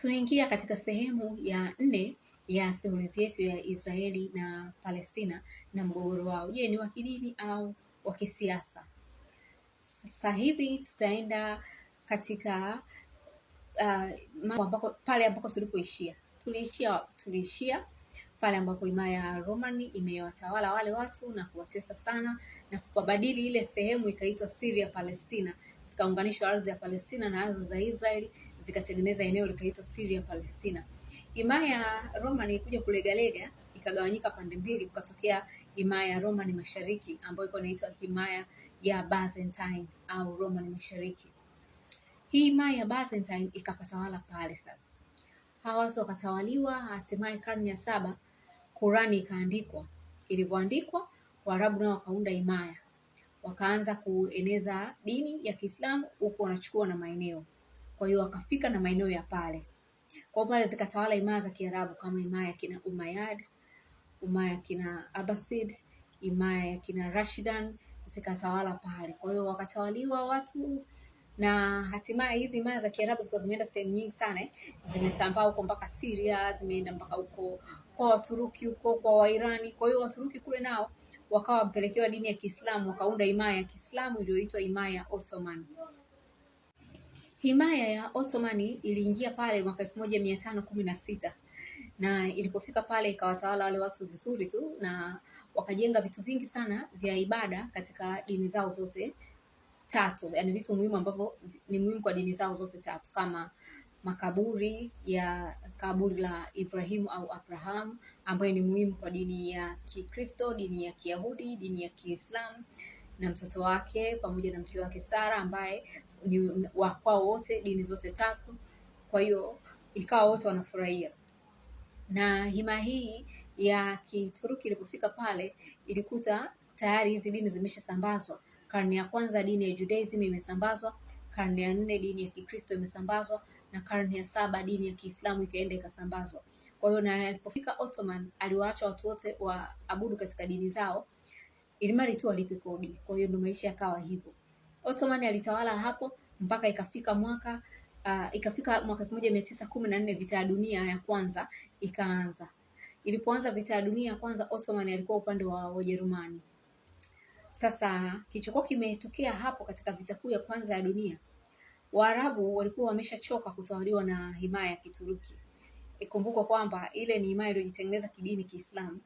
Tunaingia katika sehemu ya nne ya simulizi yetu ya Israeli na Palestina na mgogoro wao. Je, ni wa kidini au wa kisiasa? Sasa hivi tutaenda katika uh, ambako, pale ambako tulipoishia. Tuliishia tuliishia pale ambapo himaya ya Romani imewatawala wale watu na kuwatesa sana na kuwabadili ile sehemu ikaitwa Syria Palestina, zikaunganishwa ardhi ya Palestina na ardhi za Israeli zikatengeneza eneo likaitwa Syria Palestina. Himaya ya Roman ilikuja kulegalega ikagawanyika pande mbili, kukatokea himaya ya Roman Mashariki ambayo ilikuwa inaitwa himaya ya Byzantine au Roman Mashariki. Hii himaya ya Byzantine ikapatawala pale sasa. Hawa watu wakatawaliwa, hatimaye karne ya saba Qurani ikaandikwa. Ilivyoandikwa, Waarabu nao wakaunda himaya, wakaanza kueneza dini ya Kiislamu huku wanachukua na maeneo kwa hiyo wakafika na maeneo ya pale, kwa pale zikatawala imaa za Kiarabu kama imaa ya kina Umayyad, imaa ya kina Abbasid, imaa ya kina Rashidan zikatawala pale. Kwa hiyo wakatawaliwa watu na hatimaye hizi imaa za Kiarabu zilikuwa zimeenda sehemu nyingi sana eh. zimesambaa huko mpaka Syria, zimeenda mpaka huko kwa Waturuki huko kwa Wairani. Kwa hiyo Waturuki kule nao wakawa wampelekewa dini ya Kiislamu, wakaunda imaa ya Kiislamu iliyoitwa imaa ya Ottoman. Himaya ya Ottoman iliingia pale mwaka elfu moja mia tano kumi na sita na ilipofika pale ikawatawala wale watu vizuri tu, na wakajenga vitu vingi sana vya ibada katika dini zao zote tatu, yani vitu muhimu ambavyo ni muhimu kwa dini zao zote tatu kama makaburi ya kaburi la Ibrahimu au abraham ambayo ni muhimu kwa dini ya Kikristo, dini ya Kiyahudi, dini ya Kiislamu na mtoto wake pamoja na mke wake Sara ambaye ni wa kwao wote, dini zote tatu. Kwa hiyo ikawa wote wanafurahia, na hima hii ya Kituruki ilipofika pale ilikuta tayari hizi dini zimeshasambazwa. Karne ya kwanza dini ya Judaism imesambazwa, karne ya nne dini ya Kikristo imesambazwa, na karne ya saba dini ya Kiislamu ikaenda ikasambazwa. Kwa hiyo na alipofika Ottoman aliwaacha watu wote waabudu katika dini zao, ilimali tu walipe kodi. Kwa hiyo ndio maisha yakawa hivyo. Ottoman alitawala hapo mpaka ikafika mwaka uh, ikafika mwaka elfu moja mia tisa kumi na nne vita ya dunia ya kwanza ikaanza. Ilipoanza vita ya dunia ya kwanza, Ottoman alikuwa upande wa Wajerumani. Sasa kilichokuwa kimetokea hapo katika vita kuu ya kwanza ya dunia, Waarabu walikuwa wameshachoka kutawaliwa na himaya ya Kituruki. Ikumbukwa kwamba ile ni himaya iliyojitengeneza kidini Kiislamu,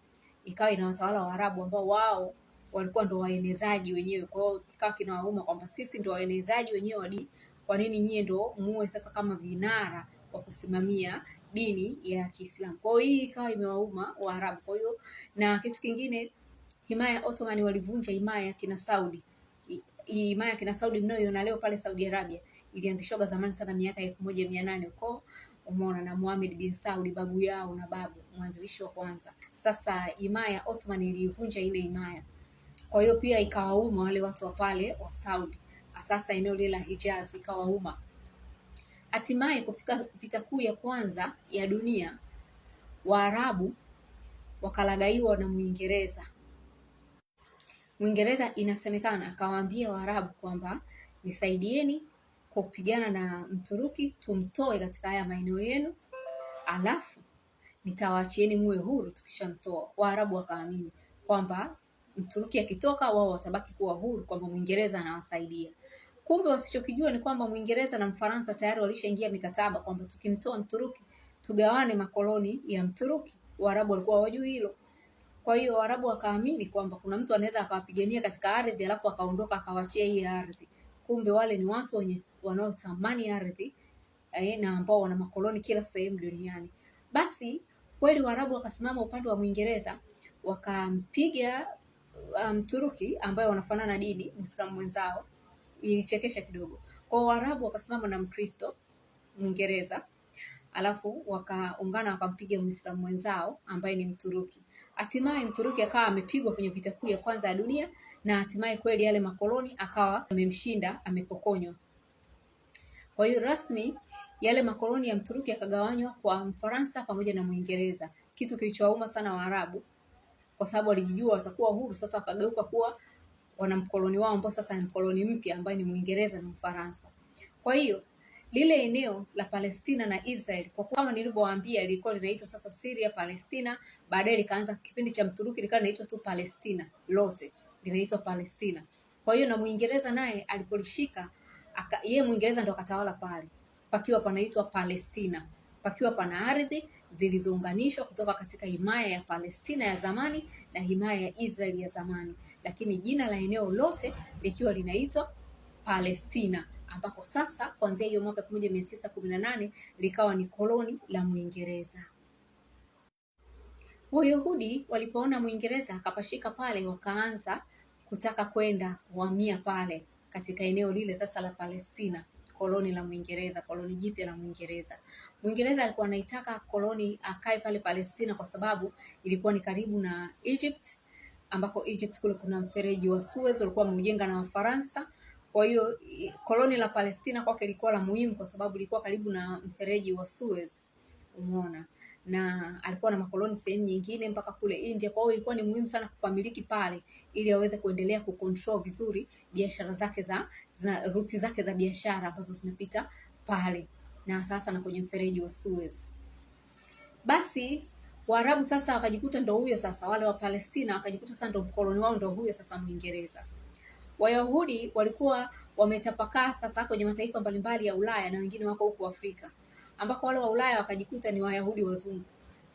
ikawa inawatawala Waarabu ambao wao walikuwa ndo waenezaji wenyewe. Kwa hiyo kikawa kinawauma kwamba sisi ndo waenezaji wenyewe, wa dini, kwa nini nyie ndo muwe sasa kama vinara wa kusimamia dini ya Kiislamu? Kwa hiyo hii ikawa imewauma Waarabu. Kwa hiyo na kitu kingine, himaya ya Ottoman walivunja himaya ya kina Saudi. Hii Himaya ya kina Saudi mnayoiona leo pale Saudi Arabia ilianzishwaga zamani sana miaka elfu moja mia nane huko umeona na Muhammad bin Saudi babu yao na babu mwanzilishi wa kwanza. Sasa himaya ya Ottoman ilivunja ile himaya kwa hiyo pia ikawauma wale watu wa pale wa Saudi, sasa eneo lile la Hijaz ikawauma. Hatimaye kufika vita kuu ya kwanza ya dunia, Waarabu wakalagaiwa na Mwingereza. Mwingereza inasemekana akawaambia Waarabu kwamba nisaidieni kwa kupigana na Mturuki, tumtoe katika haya maeneo yenu, alafu nitawaachieni muwe huru tukishamtoa. Waarabu wakaamini kwamba Mturuki akitoka wao watabaki kuwa huru, kwamba Mwingereza anawasaidia. Kumbe wasichokijua ni kwamba Mwingereza na Mfaransa tayari walishaingia mikataba kwamba tukimtoa Mturuki tugawane makoloni ya Mturuki. Waarabu walikuwa wajui hilo. Kwa hiyo Waarabu wakaamini kwamba kuna mtu anaweza akawapigania katika ardhi alafu akaondoka akawaachia hii ardhi. Kumbe wale ni watu wenye wanaotamani ardhi eh, na ambao wana makoloni kila sehemu duniani. Basi kweli Waarabu wakasimama upande wa Mwingereza wakampiga Mturuki um, turuki ambaye wanafanana dini, Muislamu mwenzao, ilichekesha kidogo. Kwa Waarabu wakasimama na Mkristo Mwingereza, alafu wakaungana wakampiga Muislamu mwenzao ambaye ni Mturuki. Hatimaye Mturuki akawa amepigwa kwenye vita kuu ya kwanza ya dunia, na hatimaye kweli yale makoloni akawa amemshinda, amepokonywa. Kwa hiyo rasmi yale makoloni ya Mturuki yakagawanywa kwa Mfaransa pamoja na Mwingereza, kitu kilichowauma sana Waarabu kwa sababu walijijua watakuwa huru. Sasa wakageuka kuwa wanamkoloni wao ambao sasa ni mkoloni mpya ambaye ni Mwingereza na Mfaransa. Kwa hiyo lile eneo la Palestina na Israel kwa kama nilivyowaambia, lilikuwa linaitwa sasa Syria Palestina, baadaye likaanza kipindi cha Mturuki likawa linaitwa tu Palestina, lote linaitwa Palestina. Kwa hiyo na Mwingereza naye alipolishika yeye Mwingereza ndo akatawala pale, pakiwa panaitwa Palestina, pakiwa pana ardhi zilizounganishwa kutoka katika himaya ya Palestina ya zamani na himaya ya Israeli ya zamani, lakini jina la eneo lote likiwa linaitwa Palestina ambapo sasa kuanzia hiyo mwaka 1918 likawa ni koloni la Mwingereza. Wayahudi walipoona Mwingereza akapashika pale, wakaanza kutaka kwenda kuhamia pale katika eneo lile sasa la Palestina, koloni la Mwingereza, koloni jipya la Mwingereza. Mwingereza alikuwa anaitaka koloni akae pale Palestina kwa sababu ilikuwa ni karibu na Egypt, ambako Egypt kule kuna mfereji wa Suez walikuwa wameujenga na Wafaransa. Kwa hiyo koloni la Palestina kwake ilikuwa la muhimu kwa sababu ilikuwa karibu na mfereji wa Suez, umeona, na alikuwa na makoloni sehemu nyingine mpaka kule India. Kwa hiyo ilikuwa ni muhimu sana kupamiliki pale, ili aweze kuendelea kucontrol vizuri biashara zake za, za ruti zake za biashara ambazo zinapita pale na sasa na kwenye mfereji wa Suez. Basi Waarabu sasa wakajikuta ndo huyo sasa, wale wa Palestina wakajikuta sasa ndo mkoloni wao ndo huyo sasa Mwingereza. Wayahudi walikuwa wametapakaa sasa kwenye mataifa mbalimbali ya Ulaya na wengine wako huko Afrika, ambako wale wa Ulaya wakajikuta ni Wayahudi wazungu,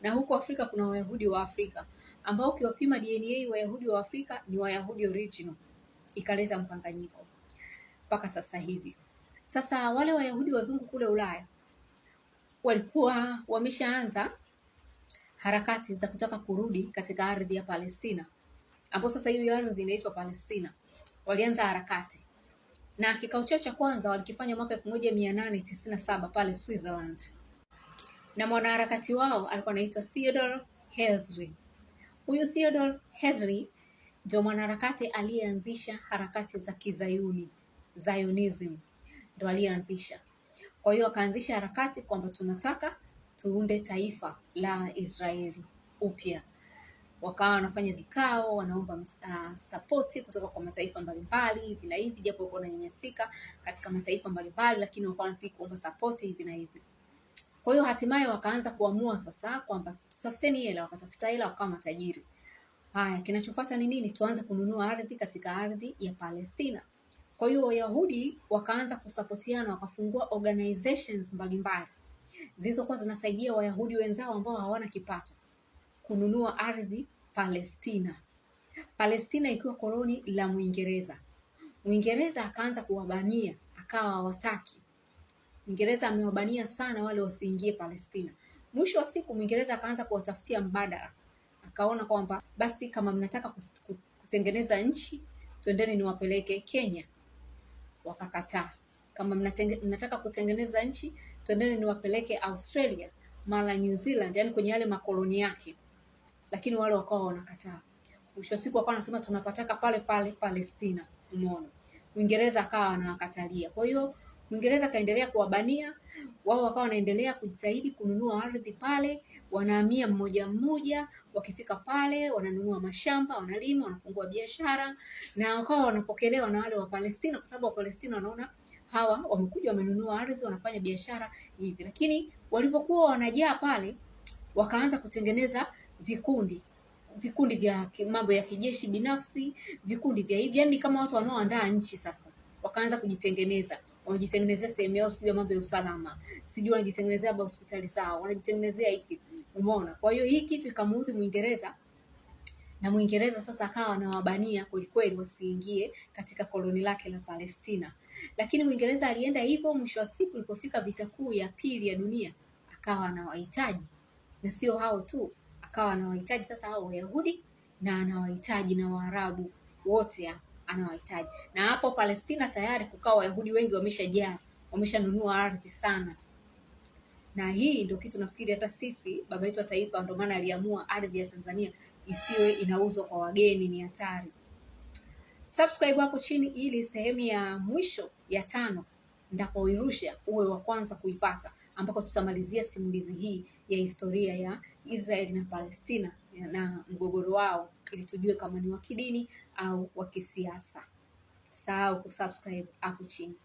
na huko Afrika kuna Wayahudi wa Afrika ambao ukiwapima DNA Wayahudi wa Afrika ni Wayahudi original, ikaleta mkanganyiko mpaka sasa hivi. Sasa wale Wayahudi wazungu kule Ulaya walikuwa wameshaanza harakati za kutaka kurudi katika ardhi ya Palestina, ambapo sasa hiyo ardhi inaitwa Palestina. Walianza harakati na kikao chao cha kwanza walikifanya mwaka 1897 pale Switzerland, na mwanaharakati wao alikuwa anaitwa Theodor Herzl. Huyu Theodor Herzl ndio mwanaharakati aliyeanzisha harakati za Kizayuni, Zionism ndo aliyeanzisha. Kwa hiyo akaanzisha harakati kwamba tunataka tuunde taifa la Israeli upya. Wakawa wanafanya vikao, wanaomba uh, ah, sapoti kutoka kwa mataifa mbalimbali hivi na hivi, japo walikuwa wananyanyasika katika mataifa mbalimbali, lakini wakawa wanazidi kuomba sapoti hivi na hivi. Kwa hiyo hatimaye wakaanza kuamua sasa kwamba tutafuteni hela, wakatafuta hela, wakawa matajiri. Haya, kinachofuata ni nini? Tuanze kununua ardhi katika ardhi ya Palestina. Kwa hiyo Wayahudi wakaanza kusapotiana, wakafungua organizations mbalimbali zilizokuwa zinasaidia Wayahudi wenzao ambao hawana kipato kununua ardhi Palestina, Palestina ikiwa koloni la Mwingereza. Mwingereza akaanza kuwabania, akawa hawataki. Mwingereza amewabania sana wale wasiingie Palestina. Mwisho wa siku, Mwingereza akaanza kuwatafutia mbadala, akaona kwamba basi, kama mnataka kutengeneza nchi, twendeni niwapeleke Kenya wakakataa. Kama mnataka kutengeneza nchi, twendeni niwapeleke Australia mara New Zealand, yani kwenye yale makoloni yake, lakini wale wakawa wanakataa. Mwisho wa siku wakawa wanasema tunapataka pale pale Palestina. Umeona, Uingereza akawa anawakatalia, kwa hiyo Mwingereza akaendelea kuwabania wao, wakawa wanaendelea kujitahidi kununua ardhi pale, wanahamia mmoja mmoja, wakifika pale wananunua mashamba, wanalima, wanafungua biashara, na wakawa wanapokelewa na wale wa Palestina, kwa sababu wa Palestina wanaona hawa wamekuja wamenunua ardhi wanafanya biashara hivi. Lakini walivyokuwa wanajaa pale, wakaanza kutengeneza vikundi vikundi vya mambo ya kijeshi binafsi, vikundi vya hivi, yani kama watu wanaoandaa nchi. Sasa wakaanza kujitengeneza wanajitengenezea sehemu yao, sijui mambo ya usalama, sijui wanajitengenezea ba hospitali zao, wanajitengenezea hiki, umeona. Kwa hiyo hii kitu ikamuudhi Mwingereza na Mwingereza sasa akawa anawabania kwelikweli wasiingie katika koloni lake la Palestina, lakini Mwingereza alienda hivyo. Mwisho wa siku ilipofika vita kuu ya pili ya dunia, akawa anawahitaji na sio hao tu, akawa anawahitaji sasa hao Wayahudi na anawahitaji na Waarabu wote hao anawahitaji. Na hapo Palestina tayari kukaa Wayahudi wengi wameshajaa, wameshanunua ardhi sana. Na hii ndio kitu nafikiri hata sisi baba yetu wa taifa ndio maana aliamua ardhi ya Tanzania isiwe inauzwa kwa wageni, ni hatari. Subscribe hapo chini ili sehemu ya mwisho ya tano ndapoirusha uwe wa kwanza kuipata, ambapo tutamalizia simulizi hii ya historia ya Israeli na Palestina na mgogoro wao, ili tujue kama ni wa kidini au wa kisiasa. Sahau kusubscribe hapo chini.